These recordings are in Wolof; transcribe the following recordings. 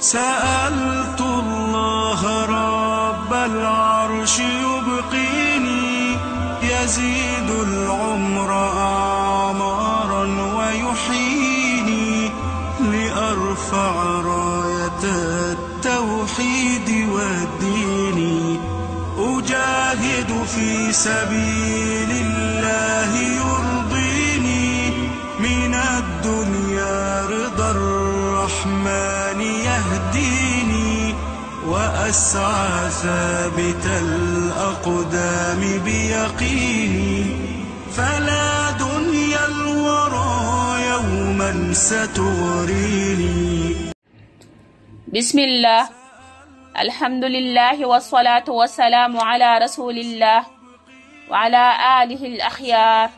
سألت الله رب العرش يبقيني يزيد العمر أعمارا ويحييني لأرفع راية التوحيد والدين أجاهد في سبيل الله يرضيني من الدنيا رضا الرحمن أسعى ثابت الأقدام بيقيني فلا دنيا الورى يوما ستغريني بسم الله الحمد لله والصلاة والسلام على رسول الله وعلى آله الأخيار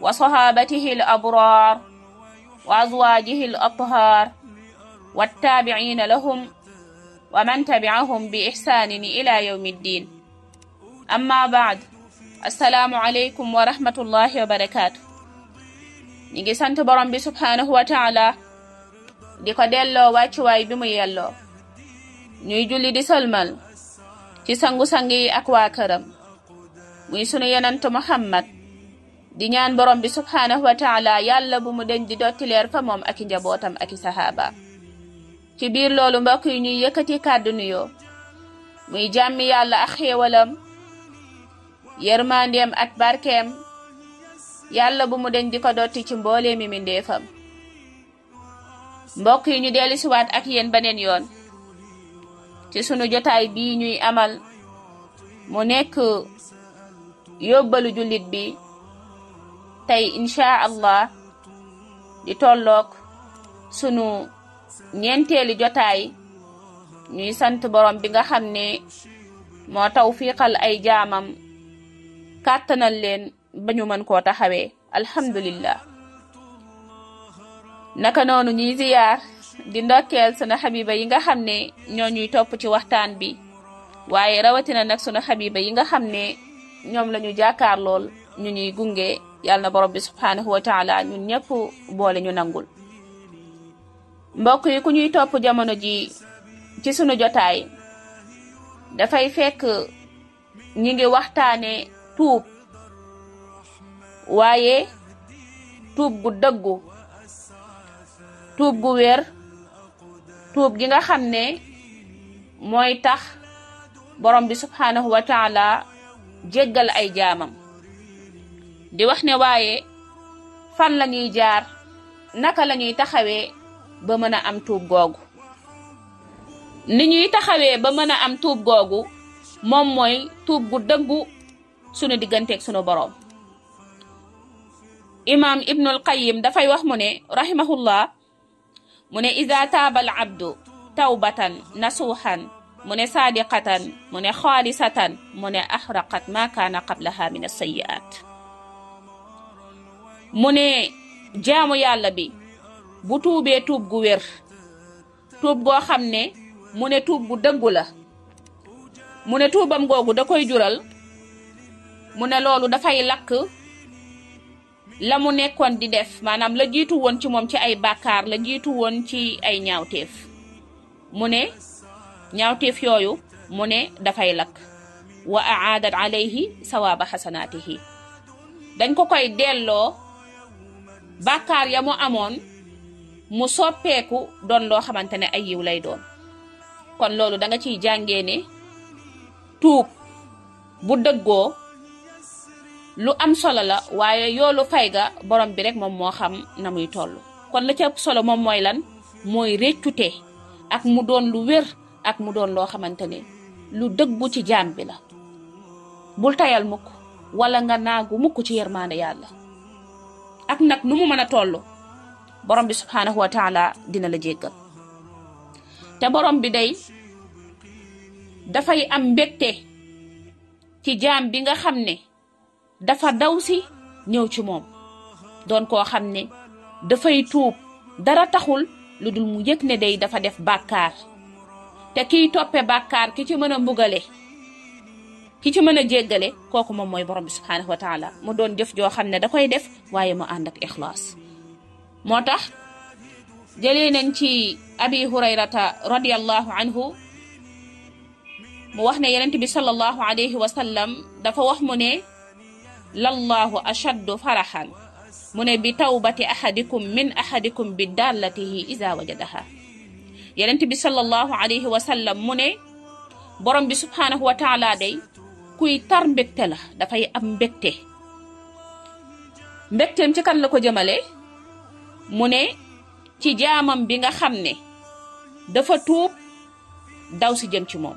وصحابته الأبرار وأزواجه الأطهار والتابعين لهم wa man tabi'ahum bi ihsaanin ila yawmi ddin amma baad assalaamu aleykum wa rahmatullahi wa barakaatu ñi ngi sant borom bi subhaanahu wa taala di ko delloo wàccuwaay bi mu yelloo ñuy julli di salmal ci sangu-sang ak waa këram muy sunu yenant muhammad di ñaan borom bi subhaanahu wa taala yàlla bu mu deñ di dotti leer fa moom ak i njabootam aki i sahaaba ci biir loolu mbokk yi ñuy yëkkati kàddunu yoo muy jàmmi yàlla ak xéewalam yërmandeem ak barkeem yàlla bu mu deñ di ko ci mboolee mi mindeefam mbokk yi ñu dellu siwaat ak yéen beneen yoon ci sunu jotaay bii ñuy amal mu nekk yóbbalu jullit bi tey incha allah di tolloog sunu ñeenteeli jotaay ñuy sant borom bi nga xam ne moo tawfiiqal ay jaamam kàttanal leen ba ñu mën koo taxawee alhamdulillah naka noonu ñuy ziyaar di ndokkeel sunu xabiba yi nga xam ne ñoo ñuy topp ci waxtaan bi waaye rawatina nag sunu xabiba yi nga xam ne ñoom la ñu lool ñu ñuy gunge yàlla na borom bi subhaanahu wa taala ñun ñëpp boole ñu nangul mbokk yi ku ñuy topp jamono ji ci sunu jotaay dafay fekk ñi ngi waxtaane tuub waaye tuub gu dëggu tuub gu wér tuub gi nga xam ne mooy tax borom bi subhaanahu wa taala jéggal ay jaamam di wax ne waaye fan la jaar naka lañuy ñuy taxawee ba mën a am tuub googu ni ñuy taxawee ba mën a am tuub googu moom mooy tuub gu dëggu sunu digganteeg sunu boroom imaam ibnul qayim dafay wax mu ne rahimahullah mu ne ida taaba al abdu tawbatan nasuuxan mu ne saadiqatan mu ne xaalisatan mu ne axraqat ma kaana qablaha min assayiat mu ne jaamu yàlla bi bu tuubee tuub gu wér tuub goo xam ne mu ne tuub gu dëggu la mu ne tuubam googu da koy jural mu ne loolu dafay lakk la mu nekkoon di def maanaam la jiitu woon ci moom ci ay bàkkaar la jiitu woon ci ay ñaawteef mu ne ñaawteef yooyu mu ne dafay lakk wa aadat alayhi sawaaba xasanaatihi dañ ko koy delloo bàkkaar ya mu amoon mu soppeeku doon loo xamante ne ay yiw lay doon kon loolu danga ciy jàngee ne tuub bu dëggoo lu am solo la waaye yoolu fay ga borom bi rek moom moo xam na muy toll kon la ci ëpp solo moom mooy lan mooy réccute ak mu doon lu wér ak mu doon loo xamante ne lu dëggu ci jaam bi la bul tayal mukk wala nga naagu mukk ci yërmaande yàlla ak nag nu mu mën a toll borom bi subhaanahu dina la jéggal te borom bi day dafay am mbégte ci jaam bi nga xam ne dafa daw si ñëw ci moom doon koo xam ne dafay tuub dara taxul lu dul mu yëg ne day dafa def bàkkaar te kiy toppe bàkkaar ki ci mën a mbugale ki ci mën a jéggale kooku moom mooy borom bi subhaanahu wa mu doon jëf joo xam ne da koy def waaye mu ànd ak ixlaas moo tax jëlee nañ ci abi hurayrata radiallahu anhu mu wax ne yenent bi sallallahu alayhi wa dafa wax mu ne lallahu ashaddu faraxan mu ne bi tawbati ahadikum min ahadikum bi dallatihi iza wajadaha yenent bi sallallahu alayhi wa mu ne borom bi subhaanahu wa day kuy tar mbégte la dafay am mbégte mbégteem ci kan la ko jëmale mu ne ci jaamam bi nga xam ne dafa tuub daw si jëm ci moom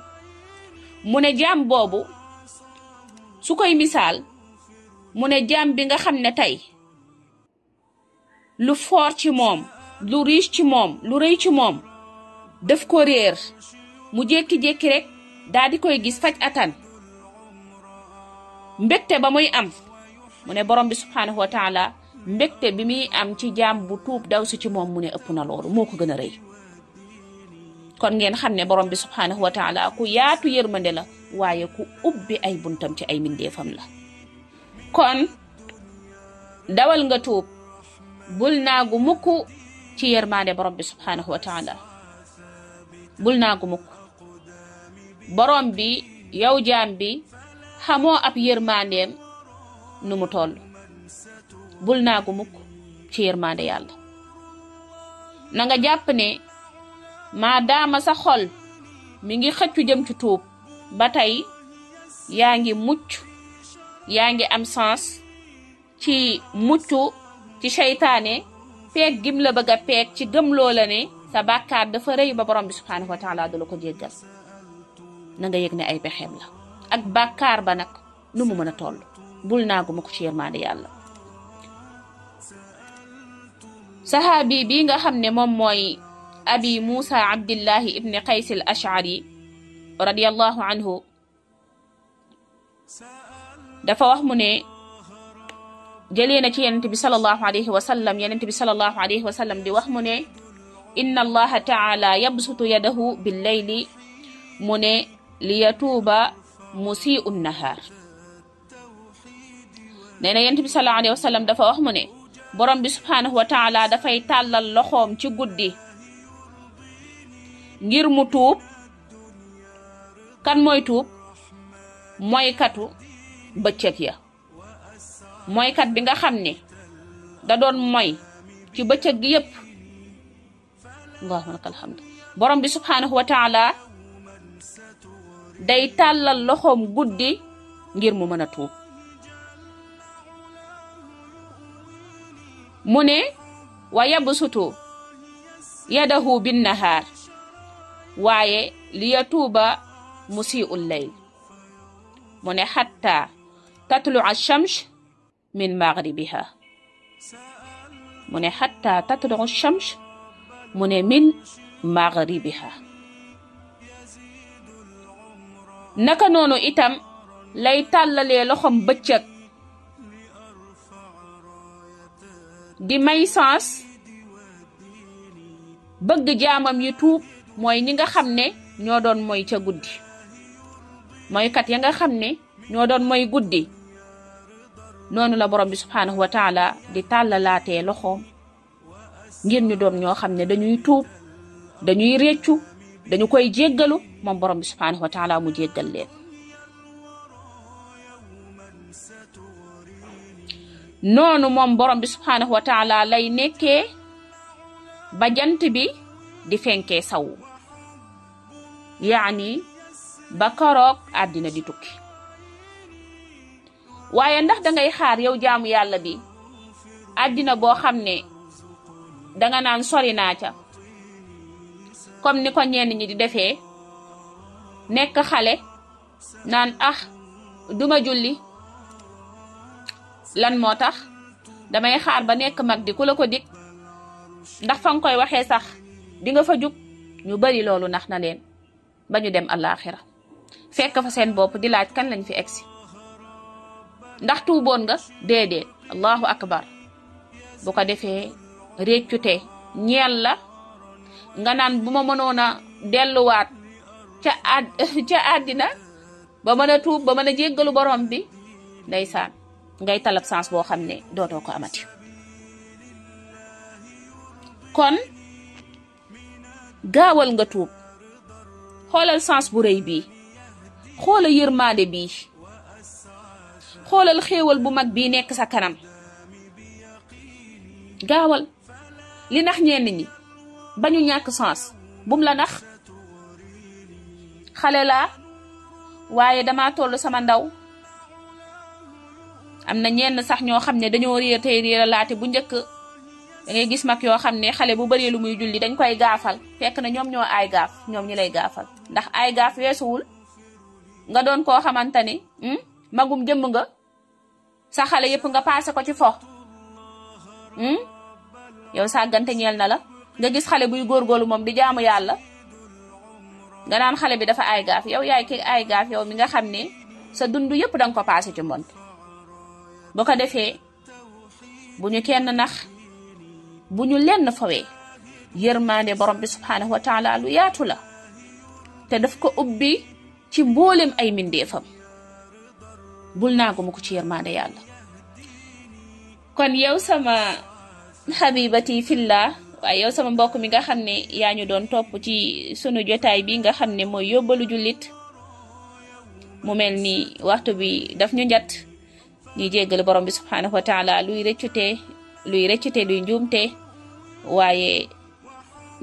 mu ne jaam boobu su koy misaal mu ne jaam bi nga xam ne tey lu foor ci moom lu riche ci moom lu rëy ci moom daf ko réer mu jékki-jékki rek daa di koy gis faj atan mbégte ba muy am mu ne borom bi subhaanahu wa mbégte bi muy am ci jaam bu tuub daw si ci moom mu ne ëpp na loolu moo ko gën a rëy kon ngeen xam ne borom bi subhaanahu wa taala ku yaatu yërmande la waaye ku ubbi ay buntam ci ay mbindeefam la kon dawal nga tuub bul naagu mukk ci yërmande borom bi subhaanahu wa taala bul naagu mukk borom bi yow jaam bi xamoo ab yërmandeem nu mu toll bul naagu mukk ci yërmande yàlla na nga jàpp ne maadaama sa xol mi ngi xëccu jëm ci tuub ba tey yaa ngi mucc yaa ngi am sens ci mucc ci seytaane peeg gim la bëgg a peeg ci gëm loola la ne sa bàkkaar dafa rëy ba borom bi subhaanahu wa taala ko jéggal na nga yëg ne ay pexeem la ak bàkkaar ba nag nu mu mën a toll bul naagu ma ko ci yërmaande yàlla sahaabi bi nga xam ne moom mooy abi muusa abdillahi ibni qays al ashari radiallahu anhu dafa wax mu ne jëlee na ci yenent bi salallahu alayhi wa sallam bi salallahu alayhi sallam di wax mu ne inna allaha taala yabsutu yadahu billeyli mu ne li yatuuba musii'u nnahaar bi salallahu alayhi dafa wax mu ne borom bi subhaanahu wa taala dafay tàllal loxoom ci guddi ngir mu tuub kan mooy tuub mooykatu bëccëg ya moykat bi nga xam ne da doon moy ci bëccëg gi yépp allahumma lakal hamd borom bi subhaanahu day tàllal loxoom guddi ngir mu mën a tuub mu ne wa yabsutu yadahu binnahaar waaye li yatuuba musiiul layl mu ne xatta mu ne xatta tatlua shams mu min magribiha naka noonu itam lay tàllalee loxom bëccëg di may sens bëgg jaamam yi tuub mooy ñi nga xam ne ñoo doon mooy ca guddi mooykat ya nga xam ne ñoo doon mooy guddi noonu la borom bi subhaanahu wa di tàllalaatee loxoom ngir ñu doon ñoo xam ne dañuy tuub dañuy réccu dañu koy jéggalu moom borom bi subhaanahu wa taala mu jéggal leen noonu moom borom bi subhaanahu wa taala lay nekkee ba jant bi di fenkee sawu yaani ba koroog àddina di tukki waaye ndax dangay xaar yow jaamu yàlla bi àddina boo xam ne danga naan sori naa ca comme ni ko ñenn ñi di defee nekk xale naan ah duma julli lan moo tax damay xaar ba nekk mag di ku la ko dig ndax fa koy waxee sax dinga fa jub ñu bari loolu nax na leen ba ñu dem àllaaxira fekk fa seen bopp di laaj kan lañ fi egsi ndax tuuboon nga déedéet allahu akbar bu ko defee réccute ñeel la nga naan bu ma mënoon a delluwaat ca ad ca àddina ba mën a tuub ba mën a jéggalu borom bi ndeysaan ngay talab sens boo xam ne dootoo ko amati kon gaawal nga tuub xoolal sens bu rëy bii xoolal yërmaande bi xoolal xéewal bu mag bi nekk sa kanam gaawal li nax ñenn ñi bañu ñàkk sens bum la nax xale laa waaye dama toll sama ndaw am na ñenn sax ñoo xam ne dañoo réer tey réer a laate bu njëkk dangay gis mag yoo xam ne xale bu bëree lu muy julli dañ koy gaafal fekk na ñoom ñoo ay gaaf ñoom ñi lay gaafal ndax ay gaaf weesuwul nga doon koo xamante ni hmm, magum jëmm nga sa xale yëpp nga paase ko ci fo hmm? yow sàggante ñeel na la nga gis xale buy góorgóorlu moom di jaamu yàlla nga naan xale bi dafa ay gaaf yow yaay ki ay gaaf yow mi nga xam ne sa dund yëpp danga ko paase ci mbonte bu ko defee bu ñu kenn nax bu ñu lenn fawee yërmaande borom bi subhaanahu wa taala lu yaatu la te daf ko ubbi ci mboolem ay mbindeefam bul naa ma ko ci yërmaande yàlla kon yow sama xabibati fillah waaye yow sama mbokk mi nga xam ne yaa ñu doon topp ci sunu jotaay bi nga xam ne mooy yóbbalu jullit mu mel ni waxtu bi daf ñu njat ñuy jéggal borom bi subhanahu wa taala luy rëccute luy rëccute luy njuumte waaye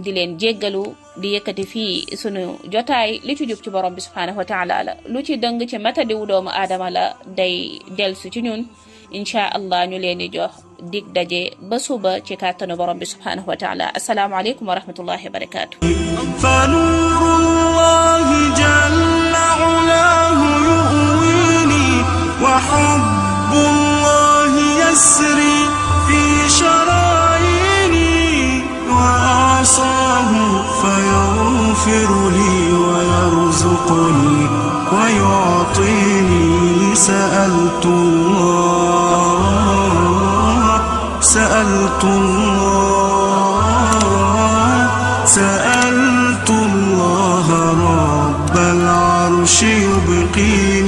di leen jéggalu di yëkkati fii sunu jotaay li ci jub ci borom bi subhanahu wa taala lu ci dëng ci matadiwu doomu aadama la day delsu ci ñun incha allah ñu leen di jox dig daje ba suba ci kàttanu borom bi subhanahu wa taala asalaamu aleykum wa rahmatullahi wa barakatuh حب الله يسري في شراييني وأعصاه فيغفر لي ويرزقني ويعطيني سألت الله سألت الله سألت الله رب العرش يبقيني